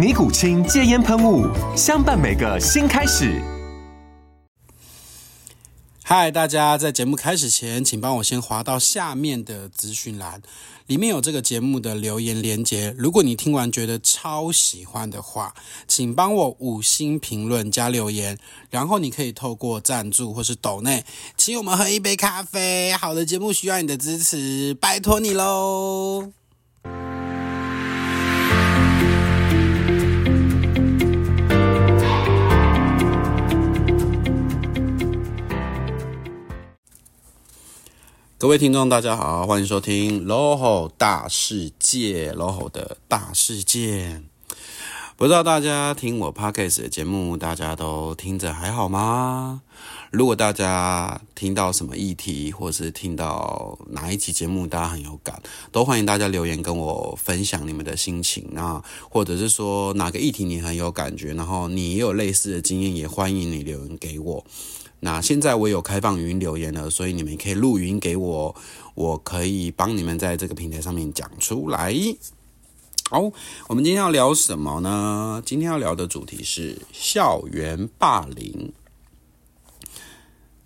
尼古清戒菸噴霧，相伴每個新開始。嗨，大家！在節目開始前，請幫我先滑到下面的資訊欄，裡面有這個節目的留言連結。如果你聽完覺得超喜歡的話，請幫我五星評論加留言。然後你可以透過贊助或是抖內，請我們喝一杯咖啡。好的節目需要你的支持，拜托你嘍！各位聽眾，大家好，歡迎收聽 LoHo 大世界，LoHo 的大世界。不知道大家聽我 Podcast 的節目，大家都聽着還好嗎？如果大家聽到什麼議題，或是聽到哪一集節目大家很有感，都歡迎大家留言跟我分享你們的心情啊，或者是說哪個議題你很有感覺，然後你也有類似的經驗，也歡迎你留言給我。那現在我有開放語音留言了，所以你們可以錄語音給我，我可以幫你們在這個平台上面講出來。好，我們今天要聊什麼呢？今天要聊的主題是校園霸凌。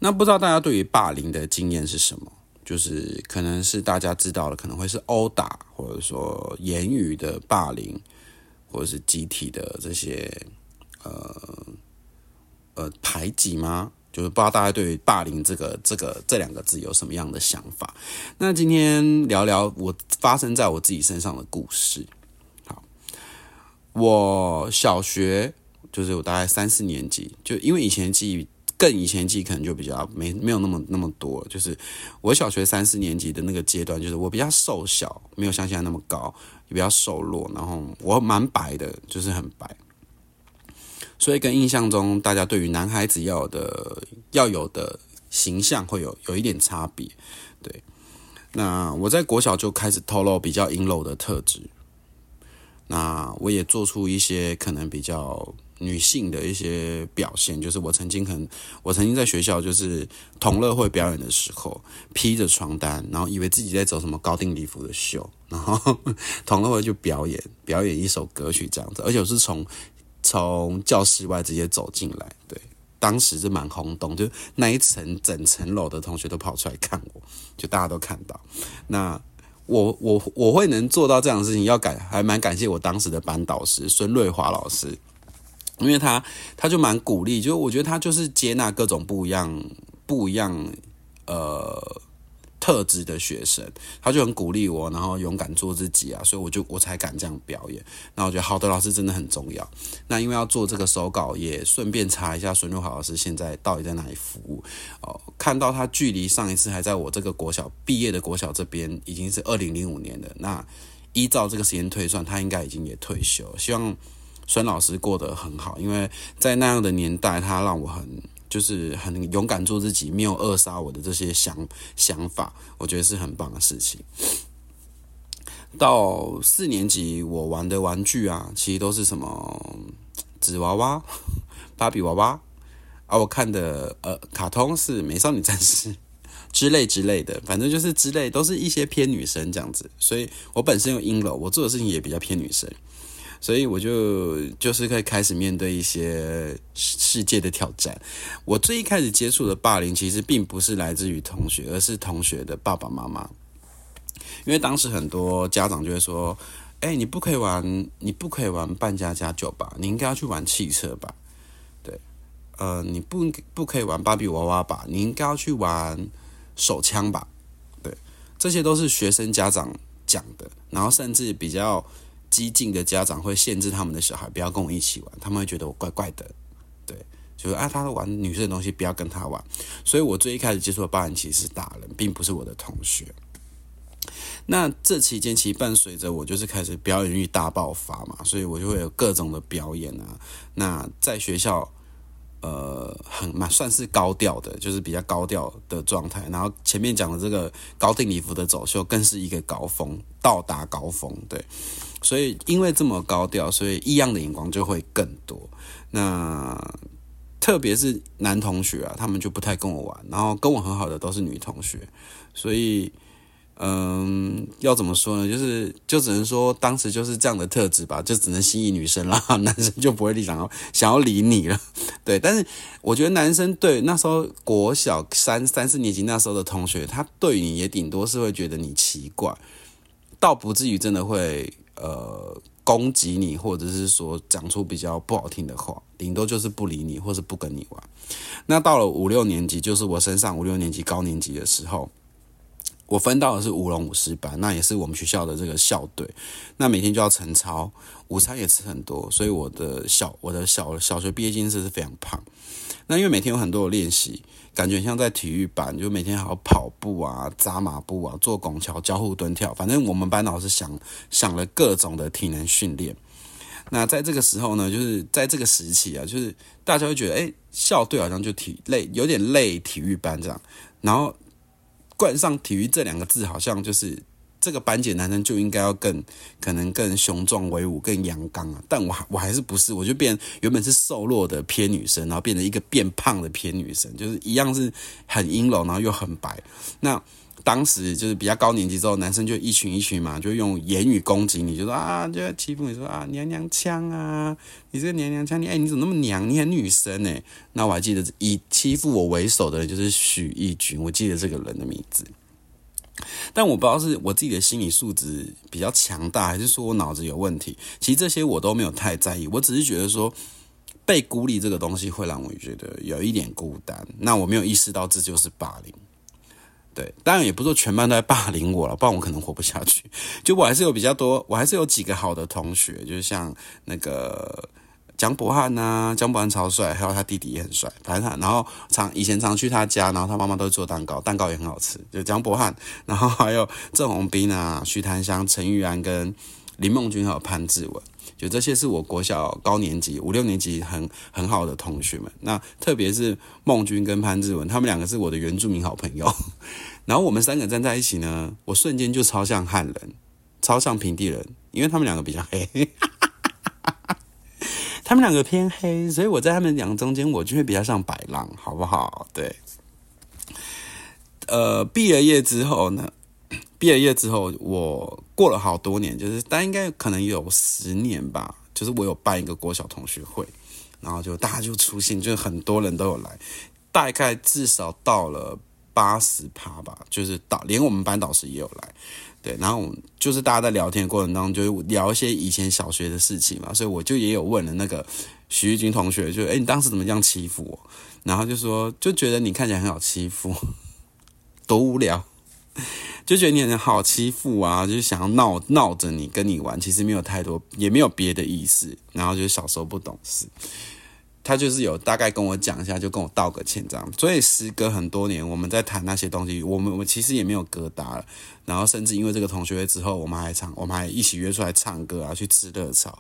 那不知道大家對於霸凌的經驗是什麼？就是可能是大家知道了，可能會是毆打，或者說言語的霸凌，或者是集體的這些呃呃排擠嗎？就是不知道大家對於“霸凌”這個、這個、這兩個字有什麼樣的想法？那今天聊聊我發生在我自己身上的故事。好，我小學就是我大概三四年級，就因為以前記憶更以前記憶可能就比較沒沒有那麼那麼多。就是我小學三四年級的那個階段，就是我比較瘦小，沒有像現在那麼高，也比較瘦弱，然後我蠻白的，就是很白。所以跟印象中大家對於男孩子要有的要有的形象會有有一點差別，對。那我在國小就開始透露比較陰柔的特質，那我也做出一些可能比較女性的一些表現，就是我曾經可能我曾經在學校就是同樂會表演的時候，披着床單，然後以為自己在走什麼高定禮服的秀，然後同樂會就表演表演一首歌曲這樣子，而且我是從。從教室外直接走進來，對，當時是蠻轟動，就那一層整層樓的同學都跑出來看我，就大家都看到。那我我我會能做到這樣的事情，要感還蠻感謝我當時的班導師孫瑞華老師，因為他他就蠻鼓勵，就我覺得他就是接納各種不一樣不一樣呃。特質的學生，他就很鼓勵我，然後勇敢做自己啊，所以我就我才敢這樣表演。那我覺得好的老師真的很重要。那因為要做這個手稿，也順便查一下孫如華老師現在到底在哪裡服務哦。看到他距離上一次還在我這個國小畢業的國小這邊，已經是二零零五年的。那依照這個時間推算，他應該已經也退休。希望孫老師過得很好，因為在那樣的年代，他讓我很。就是很勇敢做自己，沒有扼殺我的這些想想法，我覺得是很棒的事情。到四年級，我玩的玩具啊，其實都是什麼紙娃娃、芭比娃娃，啊，我看的呃卡通是《美少女戰士》之類之類的，反正就是之類，都是一些偏女生這樣子。所以我本身又陰柔，我做的事情也比較偏女生。所以我就就是可以開始面對一些世界的挑戰。我最一開始接觸的霸凌，其實並不是來自於同學，而是同學的爸爸媽媽。因為當時很多家長就會說：“哎、欸，你不可以玩，你不可以玩扮家家酒吧，你應該要去玩汽車吧？對，呃，你不不可以玩芭比娃娃吧？你應該要去玩手槍吧？對，這些都是學生家長講的。然後甚至比較。”激進的家長會限制他們的小孩，不要跟我一起玩。他們會覺得我怪怪的，對，就是啊，他玩女生的東西，不要跟他玩。所以我最一開始接觸的霸凌其實是大人，並不是我的同學。那這期間其實伴隨着我就是開始表演欲大爆發嘛，所以我就會有各種的表演啊。那在學校，呃，很蠻算是高調的，就是比較高調的狀態。然後前面講的這個高定禮服的走秀，更是一個高峰，到達高峰，對。所以，因為這麼高調，所以異樣的眼光就會更多。那特別是男同學啊，他們就不太跟我玩，然後跟我很好的都是女同學。所以，嗯，要怎麼說呢？就是就只能說，當時就是這樣的特質吧，就只能吸引女生啦，男生就不會想要，想要理你了。對，但是我覺得男生對那時候國小三、三四年級那時候的同學，他對你也頂多是會覺得你奇怪，倒不至於真的會。呃，攻擊你，或者是說，講出比較不好聽的話，頂多就是不理你，或是不跟你玩。那到了五六年級，就是我升上五六年級高年級的時候，我分到的是舞龍舞獅班，那也是我們學校的這個校隊。那每天就要晨操，午餐也吃很多，所以我的小我的小小學畢業精神是非常胖。那因為每天有很多的練習。感覺像在體育班，就每天好跑步啊、扎馬步啊、做拱橋、交互蹲跳，反正我們班老師想想了各種的體能訓練。那在這個時候呢，就是在這個時期啊，就是大家會覺得，誒、欸、校隊好像就體累，有點累，體育班這樣。然後冠上體育這兩個字，好像就是。這個班級男生就應該要更可能更雄壯威武更陽剛啊！但我我還是不是，我就變原本是瘦弱的偏女生，然後變成一個變胖的偏女生，就是一樣是很陰柔，然後又很白。那當時就是比較高年級之後，男生就一群一群嘛，就用言語攻擊你，就說啊，就要欺負你說，說啊娘娘腔啊，你這個娘娘腔，你哎，你怎麼那麼娘？你很女生呢、欸。那我還記得以欺負我為首的人就是許義軍，我記得這個人的名字。但我不知道是我自己的心理素質比較強大，還是說我腦子有問題。其實這些我都沒有太在意，我只是覺得說被孤立這個東西會讓我覺得有一點孤單。那我沒有意識到這就是霸凌，對，當然也不是說全班都在霸凌我了，不然我可能活不下去。就我還是有比較多，我還是有幾個好的同學，就是像那個。江伯翰啊，江伯翰超帥，還有他弟弟也很帥，反正然後以前常去他家，然後他媽媽都會做蛋糕，蛋糕也很好吃。就江伯翰，然後還有鄭宏斌啊、徐檀香、陳玉安跟林夢君還有潘志文，就這些是我國小高年級五六年級很很好的同學們。那特別是夢君跟潘志文，他們兩個是我的原住民好朋友。然後我們三個站在一起呢，我瞬間就超像漢人，超像平地人，因為他們兩個比較黑。他們兩個偏黑，所以我在他們兩個中間，我就會比較像白浪，好不好？對。呃，畢了業之後呢，畢了業之後，我過了好多年，就是大概應該可能有十年吧，就是我有辦一個國小同學會，然後就大家就出現，就是很多人都有來，大概至少到了。八十趴吧，就是導連我們班導師也有來，對，然後就是大家在聊天的過程當中，就聊一些以前小學的事情嘛，所以我就也有問了那個徐玉軍同學，就哎、欸、你當時怎麼這樣欺負我？然後就說就覺得你看起來很好欺負，多無聊，就覺得你很好欺負啊，就是想要鬧鬧着你跟你玩，其實沒有太多，也沒有別的意思，然後就小時候不懂事。他就是有大概跟我講一下，就跟我道個歉，這樣。所以時隔很多年，我們在談那些東西，我們我們其實也沒有疙瘩了。然後甚至因為這個同學會之後，我們還唱，我們還一起約出來唱歌啊，去吃熱炒。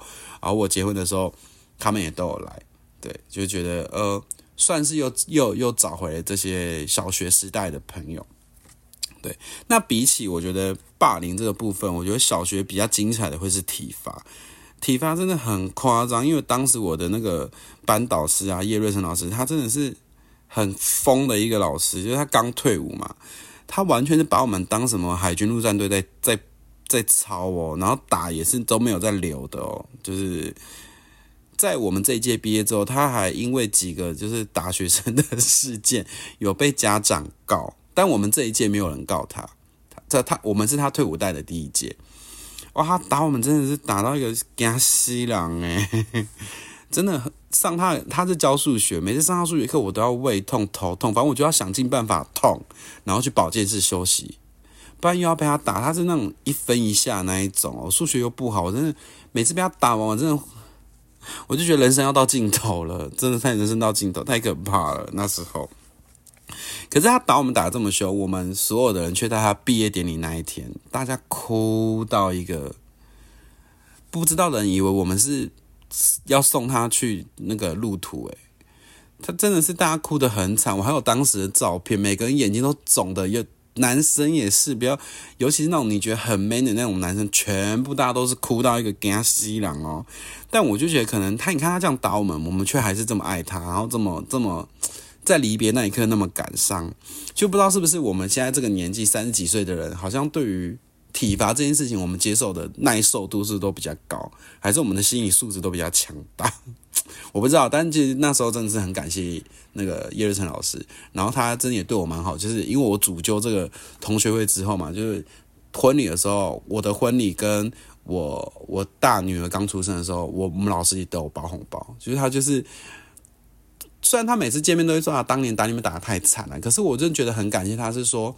然後我結婚的時候，他們也都有來。對，就覺得呃，算是又又又找回了這些小學時代的朋友。對，那比起我覺得霸凌這個部分，我覺得小學比較精彩的會是體罰。體罰真的很誇張，因為當時我的那個班導師啊，葉瑞生老師，他真的是很瘋的一個老師，就是他剛退伍嘛，他完全是把我們當什麼海軍陸戰隊在在在操哦，然後打也是都沒有在留的哦，就是在我們這一屆畢業之後，他還因為幾個就是打學生的事件有被家長告，但我們這一屆沒有人告他，他他我們是他退伍帶的第一屆。哇，他打我們真的是打到一個驚死人嘿， 真的上他，他是教數學，每次上他數學課，我都要胃痛、頭痛，反正我就要想盡辦法痛，然後去保健室休息，不然又要被他打。他是那種一分一下那一種哦，數學又不好，我真的每次被他打完，我真的我就覺得人生要到盡頭了，真的太人生到盡頭太可怕了，那時候。可是他打我們打得這麼兇，我們所有的人卻在他畢業典禮那一天，大家哭到一個不知道的人以為我們是要送他去那個路途誒、欸，他真的是大家哭得很慘，我還有當時的照片，每個人眼睛都腫的，有男生也是，比較尤其是那種你覺得很 man 的那種男生，全部大家都是哭到一個更加淒涼哦。但我就覺得可能他，你看他這樣打我們，我們卻還是這麼愛他，然後這麼這麼。在離別那一刻那麼感傷，就不知道是不是我們現在這個年紀三十幾歲的人，好像對於體罰這件事情，我們接受的耐受度是都比較高，還是我們的心理素質都比較強大？ 我不知道。但其實那時候真的是很感謝那個葉日成老師，然後他真的也對我蠻好。就是因為我主揪這個同學會之後嘛，就是婚禮的時候，我的婚禮跟我我大女兒剛出生的時候，我，我們老師也都有包紅包，就是他就是。雖然他每次見面都會說啊，當年打你們打得太慘了，可是我真的覺得很感謝他。是說，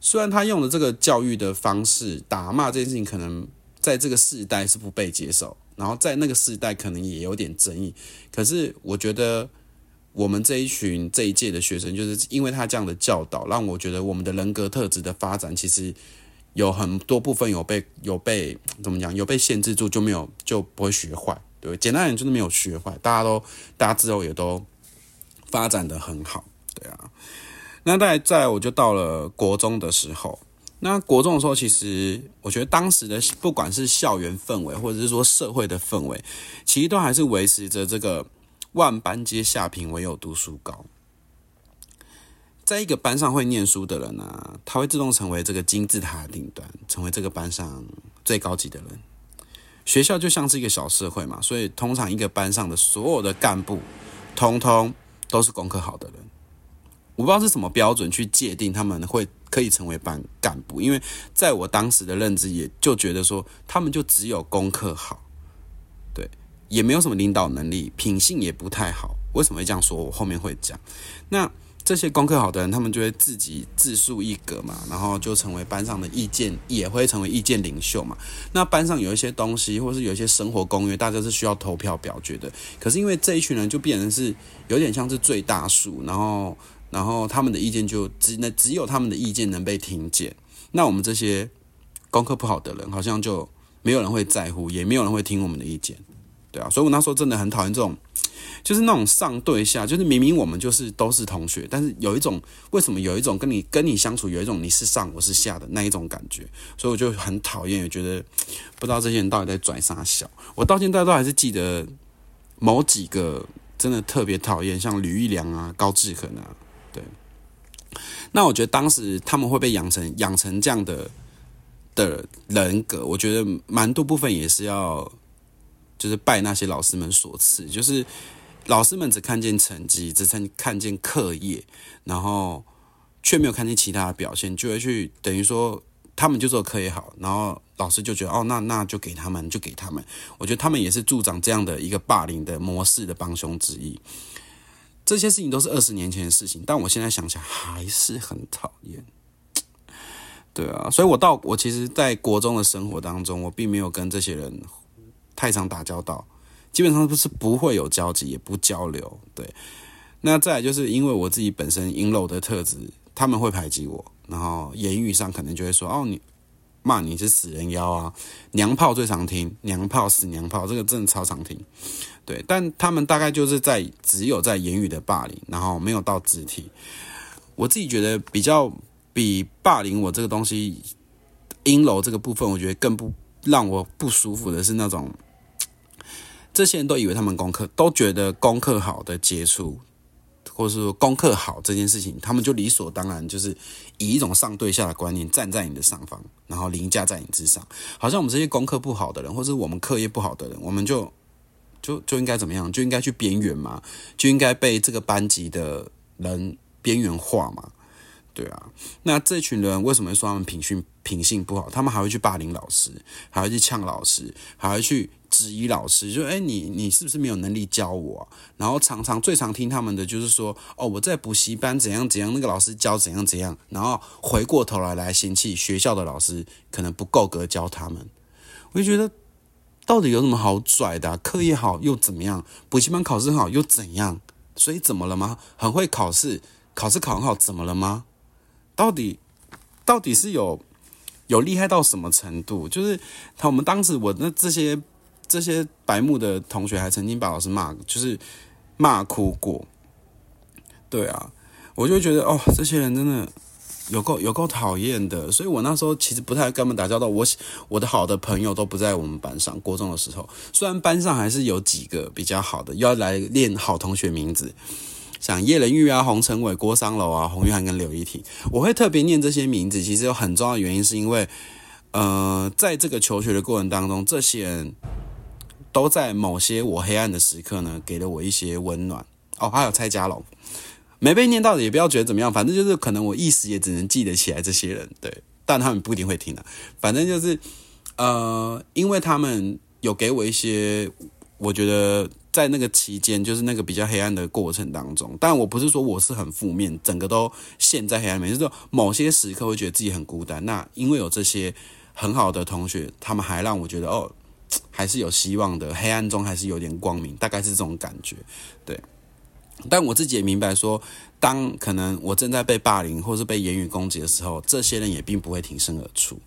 雖然他用的這個教育的方式，打罵這件事情，可能在這個世代是不被接受，然後在那個世代可能也有點爭議，可是我覺得我們這一群這一屆的學生，就是因為他這樣的教導，讓我覺得我們的人格特質的發展，其實有很多部分有被有被怎麼講，有被限制住，就沒有就不會學壞，對，簡單一點就是沒有學壞，大家都大家之後也都。發展的很好，對啊。那在在，我就到了國中的時候。那國中的時候，其實我覺得當時的不管是校園氛圍，或者是說社會的氛圍，其實都還是維持着這個“萬般皆下品，唯有讀書高”。在一個班上會念書的人呢、啊，他會自動成為這個金字塔頂端，成為這個班上最高級的人。學校就像是一個小社會嘛，所以通常一個班上的所有的幹部，通通。都是功課好的人，我不知道是什麼標準去界定他們會可以成為班幹部，因為在我當時的認知，也就覺得說他們就只有功課好，對，也沒有什麼領導能力，品性也不太好。為什麼會這樣說？我後面會講。那。這些功課好的人，他們就會自己自樹一格嘛，然後就成為班上的意見，也會成為意見領袖嘛。那班上有一些東西，或是有一些生活公約，大家是需要投票表決的。可是因為這一群人就變成是有點像是最大數，然後然後他們的意見就只那只有他們的意見能被聽見。那我們這些功課不好的人，好像就沒有人會在乎，也沒有人會聽我們的意見，對啊。所以我那時候真的很討厭這種。就是那種上對下，就是明明我們就是都是同學，但是有一種，為什麼有一種跟你跟你相處，有一種你是上我是下的那一種感覺，所以我就很討厭，也覺得不知道這些人到底在拽啥小。我到現在都還是記得某幾個真的特別討厭，像呂玉良啊、高志恆啊，對。那我覺得當時他們會被養成養成這樣的的人格，我覺得蠻多部分也是要。就是拜那些老師們所賜，就是老師們只看見成績，只看看見課業，然後卻沒有看見其他的表現，就會去等於說他們就做課業好，然後老師就覺得哦那那就給他們就給他們，我覺得他們也是助長這樣的一個霸凌的模式的幫兇之一。這些事情都是二十年前的事情，但我現在想起來還是很討厭。對啊，所以我到我其實，在國中的生活當中，我並沒有跟這些人。太常打交道，基本上不是不會有交集，也不交流。對，那再來就是因為我自己本身陰柔的特質，他們會排擠我，然後言語上可能就會說：“哦，你罵你是死人妖啊，娘炮最常聽，娘炮死娘炮，這個真的超常聽。”對，但他們大概就是在只有在言語的霸凌，然後沒有到肢體。我自己覺得比較比霸凌我這個東西陰柔這個部分，我覺得更不讓我不舒服的是那種。這些人都以為他們功課都覺得功課好的接觸，或是說功課好這件事情，他們就理所當然就是以一種上對下的觀念站在你的上方，然後凌駕在你之上。好像我們這些功課不好的人，或者我們課業不好的人，我們就就就應該怎麼樣，就應該去邊緣嘛，就應該被這個班級的人邊緣化嘛。對啊，那這群人為什麼說他們品性品性不好，他們還會去霸凌老師，還會去嗆老師，還會去。質疑老師，就誒，哎，欸，你你是不是沒有能力教我啊？”然後常常最常聽他們的就是說：“哦，我在補習班怎樣怎樣，那個老師教怎樣怎樣。”然後回過頭來來嫌棄學校的老師可能不夠格教他們。我就覺得，到底有什麼好拽的啊？課業好又怎麼樣？補習班考試好又怎樣？所以怎麼了嗎？很會考試，考試考很好，怎麼了嗎？到底到底是有有厲害到什麼程度？就是他，我們當時我那這些。這些白目的同學還曾經把老師罵，就是罵哭過。對啊，我就覺得哦，這些人真的有夠有夠討厭的。所以我那時候其實不太跟他們打交道。我我的好的朋友都不在我們班上。國中的時候，雖然班上還是有幾個比較好的，要來念好同學名字，像葉仁玉啊、洪成偉、郭桑樓啊、洪玉涵跟劉一婷，我會特別念這些名字。其實有很重要的原因，是因為呃，在這個求學的過程當中，這些人。都在某些我黑暗的時刻呢，給了我一些溫暖哦。還有蔡家老，沒被念到的也不要覺得怎麼樣，反正就是可能我一時也只能記得起來這些人對，但他們不一定會聽的啊。反正就是，呃，因為他們有給我一些，我覺得在那個期間，就是那個比較黑暗的過程當中，但我不是說我是很負面，整個都陷在黑暗裡面，就是某些時刻會覺得自己很孤單。那因為有這些很好的同學，他們還讓我覺得哦。還是有希望的，黑暗中還是有點光明，大概是這種感覺，對。但我自己也明白說，說當可能我正在被霸凌或是被言語攻擊的時候，這些人也並不會挺身而出。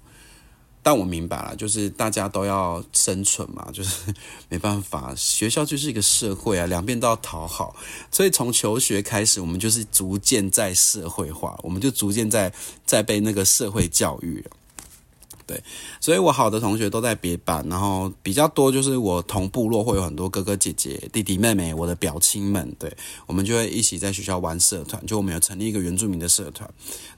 但我明白了，就是大家都要生存嘛，就是沒辦法，學校就是一個社會啊，兩邊都要討好，所以從求學開始，我們就是逐漸在社會化，我們就逐漸在在被那個社會教育了。對，所以我好的同學都在別班，然後比較多就是我同部落會有很多哥哥姐姐、弟弟妹妹、我的表親們，對，我們就會一起在學校玩社團，就我們有成立一個原住民的社團，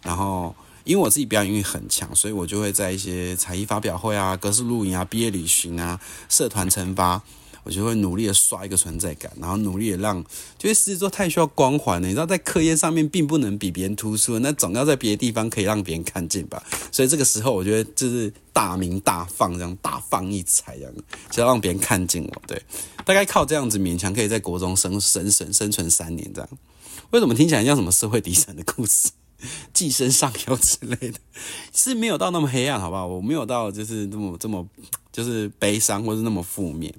然後因為我自己表演欲很強，所以我就會在一些才藝發表會啊、各式露營啊、畢業旅行啊、社團懲罰，我就會努力的刷一個存在感，然後努力的讓，因為獅子座太需要光環了，你知道，在課業上面並不能比別人突出，那總要在別的地方可以讓別人看見吧。所以這個時候，我覺得就是大鳴大放這樣，大放異彩這樣，就要讓別人看見我。對，大概靠這樣子勉強可以在國中生生生生存三年這樣。為什麼聽起來像什麼社會底層的故事，寄生上流之類的，是沒有到那麼黑暗，好不好？我沒有到就是那麼這麼，這麼就是悲傷或是那麼負面。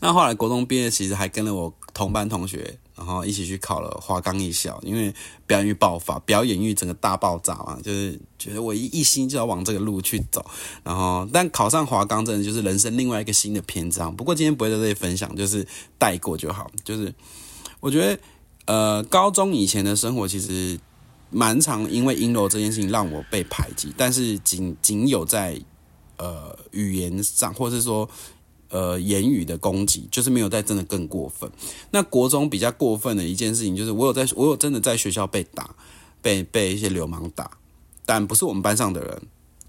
那後來國中畢業，其實還跟了我同班同學，然後一起去考了華岡藝校，因為表演慾爆發，表演慾整個大爆炸嘛，就是覺得我一,一心就要往這個路去走。然後，但考上華岡真的就是人生另外一個新的篇章。不過今天不會在這裡分享，就是帶過就好。就是我覺得，呃，高中以前的生活其實蠻常因為音樂這件事情讓我被排擠，但是僅僅有在呃語言上，或是說。呃，言語的攻擊就是沒有在真的更過分。那國中比較過分的一件事情，就是我有在，我有真的在學校被打，被被一些流氓打，但不是我們班上的人。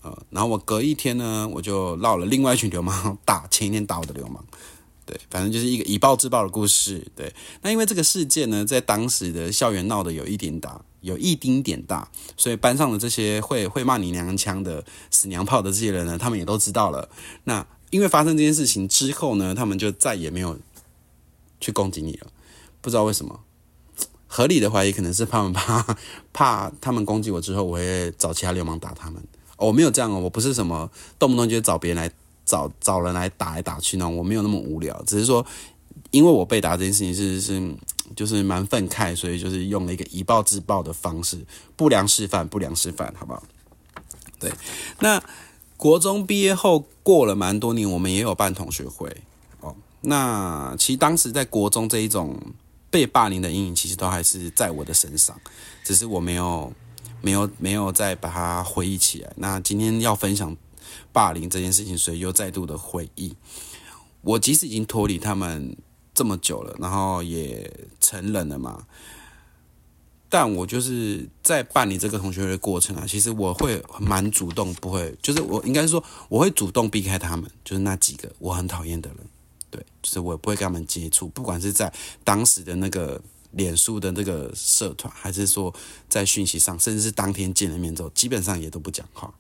呃，然後我隔一天呢，我就鬧了另外一群流氓打前一天打我的流氓。對，反正就是一個以暴制暴的故事。對，那因為這個事件呢，在當時的校園鬧得有一點大，有一丁點大，所以班上的這些會會罵你娘娘腔的、死娘炮的這些人呢，他們也都知道了。那。因為發生這件事情之後呢，他們就再也沒有去攻擊你了。不知道為什麼，合理的懷疑可能是他們怕怕他們攻擊我之後，我會找其他流氓打他們。我、哦、沒有這樣哦，我不是什麼動不動就找別人來找找人來打來打去那種。我沒有那麼無聊，只是說因為我被打這件事情是是，是就是蠻憤慨，所以就是用了一個以暴制暴的方式，不良示範，不良示範，好不好？對，那。國中畢業後過了蠻多年，我們也有辦同學會哦。那其實當時在國中這一種被霸凌的陰影，其實都還是在我的身上，只是我沒有、沒有、沒有再把它回憶起來。那今天要分享霸凌這件事情，所以又再度的回憶。我即使已經脫離他們這麼久了，然後也成人了嘛。但我就是在辦理這個同學的過程啊，其實我會蠻主動，不會，就是我應該說我會主動避開他們，就是那幾個我很討厭的人，對，就是我不會跟他們接觸，不管是在當時的那個臉書的那個社團，還是說在訊息上，甚至是當天見了面之後，基本上也都不講話，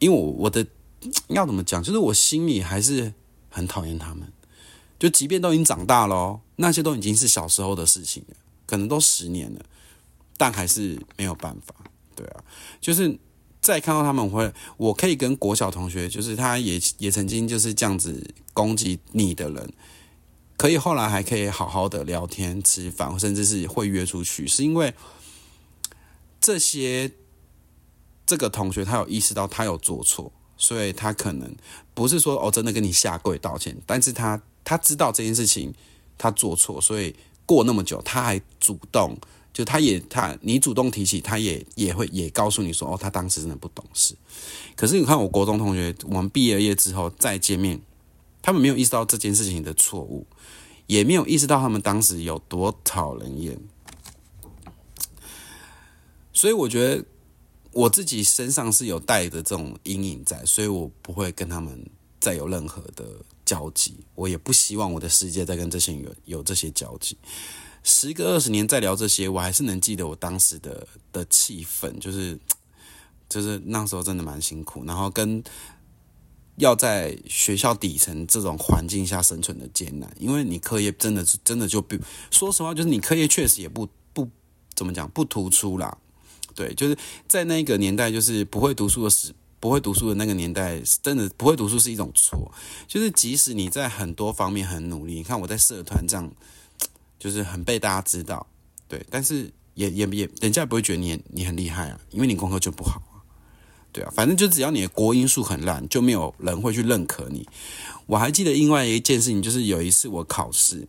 因為我我的要怎麼講，就是我心裡還是很討厭他們，就即便都已經長大了，那些都已經是小時候的事情了，可能都十年了。但還是沒有辦法，對啊，就是再看到他們會，我可以跟國小同學，就是他也也曾經就是這樣子攻擊你的人，可以後來還可以好好的聊天、吃飯，甚至是會約出去，是因為這些這個同學他有意識到他有做錯，所以他可能不是說哦真的跟你下跪道歉，但是他他知道這件事情他做錯，所以過那麼久他還主動。就他也他你主動提起，他也也會也告訴你說，哦，他當時真的不懂事。可是你看，我國中同學，我們畢了業之後再見面，他們沒有意識到這件事情的錯誤，也沒有意識到他們當時有多討人厭。所以我覺得我自己身上是有帶着這種陰影在，所以我不會跟他們再有任何的交集，我也不希望我的世界再跟這些人有有這些交集。時隔二十年再聊這些，我還是能記得我當時的的氣氛，就是就是那時候真的蠻辛苦，然後跟要在學校底層這種環境下生存的艱難，因為你課業真的是真的就比說實話，就是你課業確實也不不怎麼講不突出啦，對，就是在那個年代，就是不會讀書的是不會讀書的那個年代，真的不會讀書是一種錯，就是即使你在很多方面很努力，你看我在社團這樣。就是很被大家知道，對，但是也也也，人家也不會覺得你你很厲害啊，因為你功課就不好啊，對啊，反正就只要你的國英數很爛，就沒有人會去認可你。我還記得另外一件事情，就是有一次我考試，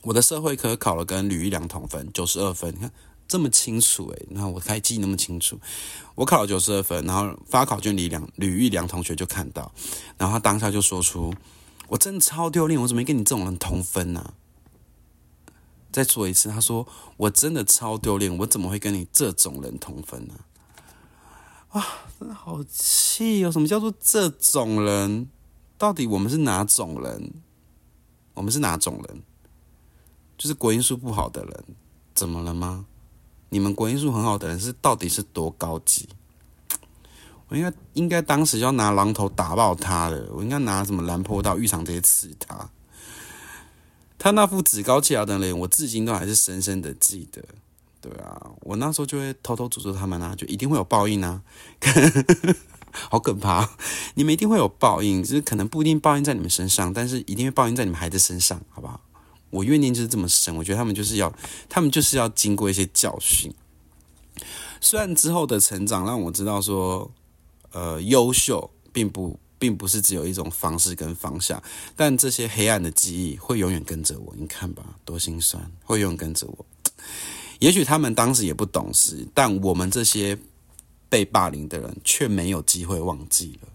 我的社會科考了跟呂玉良同分，九十二分，你看這麼清楚誒、欸，那我還記那麼清楚，我考了九十二分，然後發考卷李，呂良呂玉良同學就看到，然後他當下就說出，我真的超丟臉，我怎麼跟你這種人同分呢、啊？.再說一次，他說：“我真的超丟臉，我怎麼會跟你這種人同分呢、啊？”哇，真的好氣、哦！有什麼叫做這種人？到底我們是哪種人？我們是哪種人？就是國英數不好的人，怎麼了嗎？你們國英數很好的人是到底是多高級？我應該應該當時就要拿榔頭打爆他的，我應該拿什麼藍波刀、浴場這些刺他。他那副趾高氣揚的臉，我至今都還是深深的記得。對啊，我那時候就會偷偷詛咒他們啊，就一定會有報應啊， 好可怕！你們一定會有報應，就是可能不一定報應在你們身上，但是一定會報應在你們孩子身上，好不好？我怨念就是這麼深。我覺得他們就是要，他們就是要經過一些教訓。雖然之後的成長讓我知道說，呃，優秀並不。並不是只有一種方式跟方向，但這些黑暗的記憶會永遠跟着我。你看吧，多心酸，會永遠跟着我。也許他們當時也不懂事，但我們這些被霸凌的人卻沒有機會忘記了。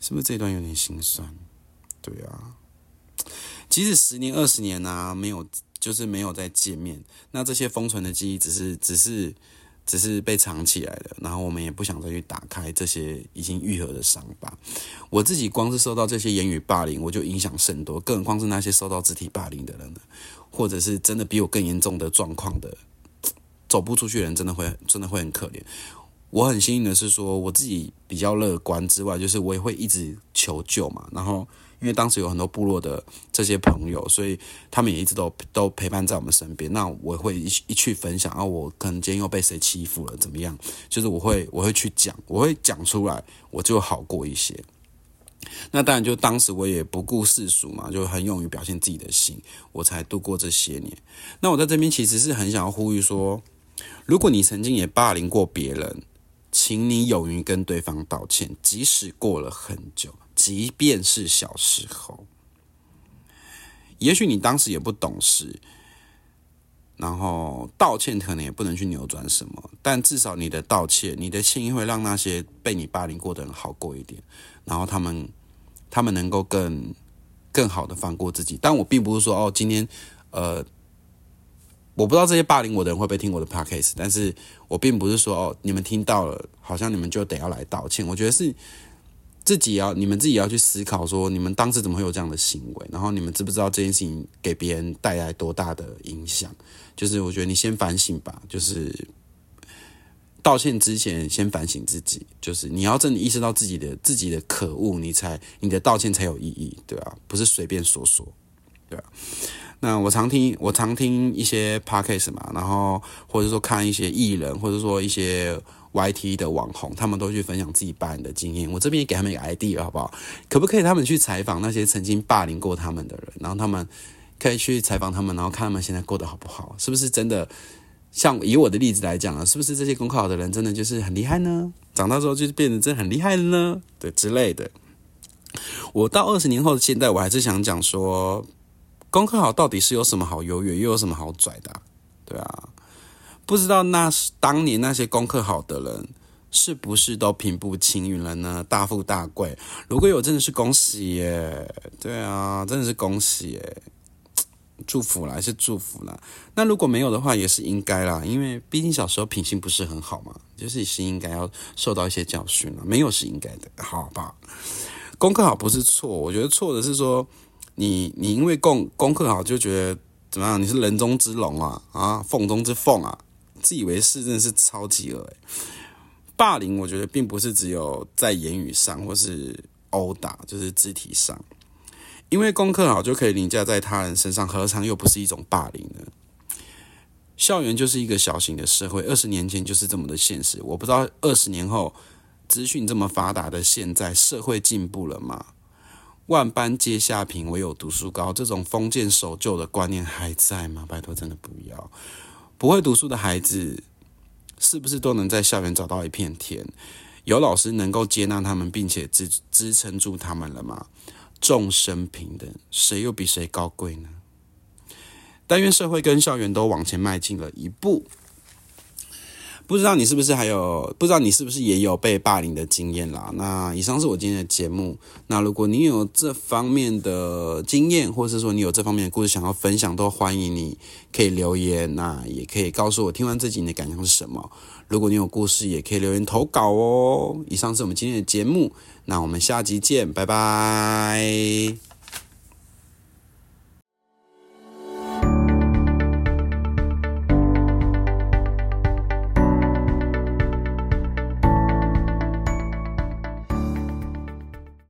是不是這段有點心酸？對啊，即使十年、二十年呢、啊，沒有，就是沒有再見面，那這些封存的記憶，只是，只是。只是被藏起來了，然後我們也不想再去打開這些已經癒合的傷疤。我自己光是受到這些言語霸凌，我就影響甚多，更何況是那些受到肢體霸凌的人呢？或者是真的比我更嚴重的狀況的，走不出去的人真的會真的會很可憐。我很幸運的是說，我自己比較樂觀之外，就是我也會一直求救嘛，然後，因為當時有很多部落的這些朋友，所以他們也一直都都陪伴在我們身邊。那我會一一去分享，啊，我可能今天又被誰欺負了，怎麼樣？就是我會我會去講，我會講出來，我就好過一些。那當然，就當時我也不顧世俗嘛，就很勇於表現自己的心，我才度過這些年。那我在這邊其實是很想要呼籲說，如果你曾經也霸凌過別人，請你勇於跟對方道歉，即使過了很久，即便是小時候，也許你當時也不懂事，然後道歉可能也不能去扭轉什麼，但至少你的道歉，你的心意會讓那些被你霸凌過的人好過一點，然後他們他們能夠更更好的放過自己。但我並不是說哦，今天呃，我不知道這些霸凌我的人會不會聽我的 podcast，但是我並不是說哦，你們聽到了，好像你們就得要來道歉。我覺得是。自己要你們自己要去思考說，說你們當時怎麼會有這樣的行為，然後你們知不知道這件事情給別人帶來多大的影響？就是我覺得你先反省吧，就是道歉之前先反省自己，就是你要真的意識到自己的自己的可惡，你才你的道歉才有意義，對吧？不是隨便說說，對吧？那我常聽，我常聽一些 podcast 嘛，然後或者說看一些藝人，或者說一些 YT 的網紅，他們都去分享自己霸凌的經驗。我這邊也給他們一個 idea 好不好？可不可以他們去採訪那些曾經霸凌過他們的人，然後他們可以去採訪他們，然後看他們現在過得好不好？是不是真的？像以我的例子來講呢，是不是這些功課好的人真的就是很厲害呢？長大之後就變得真的很厲害了呢？對之類的。我到二十年後的現在，我還是想講說。功課好到底是有什麼好優越，又有什麼好拽的啊？對啊，不知道那當年那些功課好的人是不是都平步青雲了呢？大富大貴？如果有，真的是恭喜耶！對啊，真的是恭喜耶！祝福啦，是祝福啦。那如果沒有的話，也是應該啦，因為畢竟小時候品性不是很好嘛，就是是應該要受到一些教訓了。沒有是應該的，好吧？功課好不是錯，我覺得錯的是說。你你因為功功課好就覺得怎麼樣？你是人中之龍啊啊，鳳中之鳳啊！自以為是真的是超級惡。霸凌我覺得並不是只有在言語上或是毆打，就是肢體上，因為功課好就可以凌駕在他人身上，何嘗又不是一種霸凌呢？校園就是一個小型的社會，二十年前就是這麼的現實。我不知道二十年後資訊這麼發達的現在，社會進步了嗎？萬般皆下品，唯有讀書高。這種封建守舊的觀念還在嗎？拜托，真的不要！不會讀書的孩子，是不是都能在校園找到一片天？有老師能夠接納他們，並且支支撐住他們了嗎？眾生平等，誰又比誰高貴呢？但願社會跟校園都往前邁進了一步。不知道你是不是還有不知道你是不是也有被霸凌的經驗啦？那以上是我今天的節目。那如果你有這方面的經驗，或是說你有這方面的故事想要分享，都歡迎你可以留言。那也可以告訴我聽完這集你的感想是什麼。如果你有故事，也可以留言投稿哦。以上是我們今天的節目。那我們下集見，拜拜。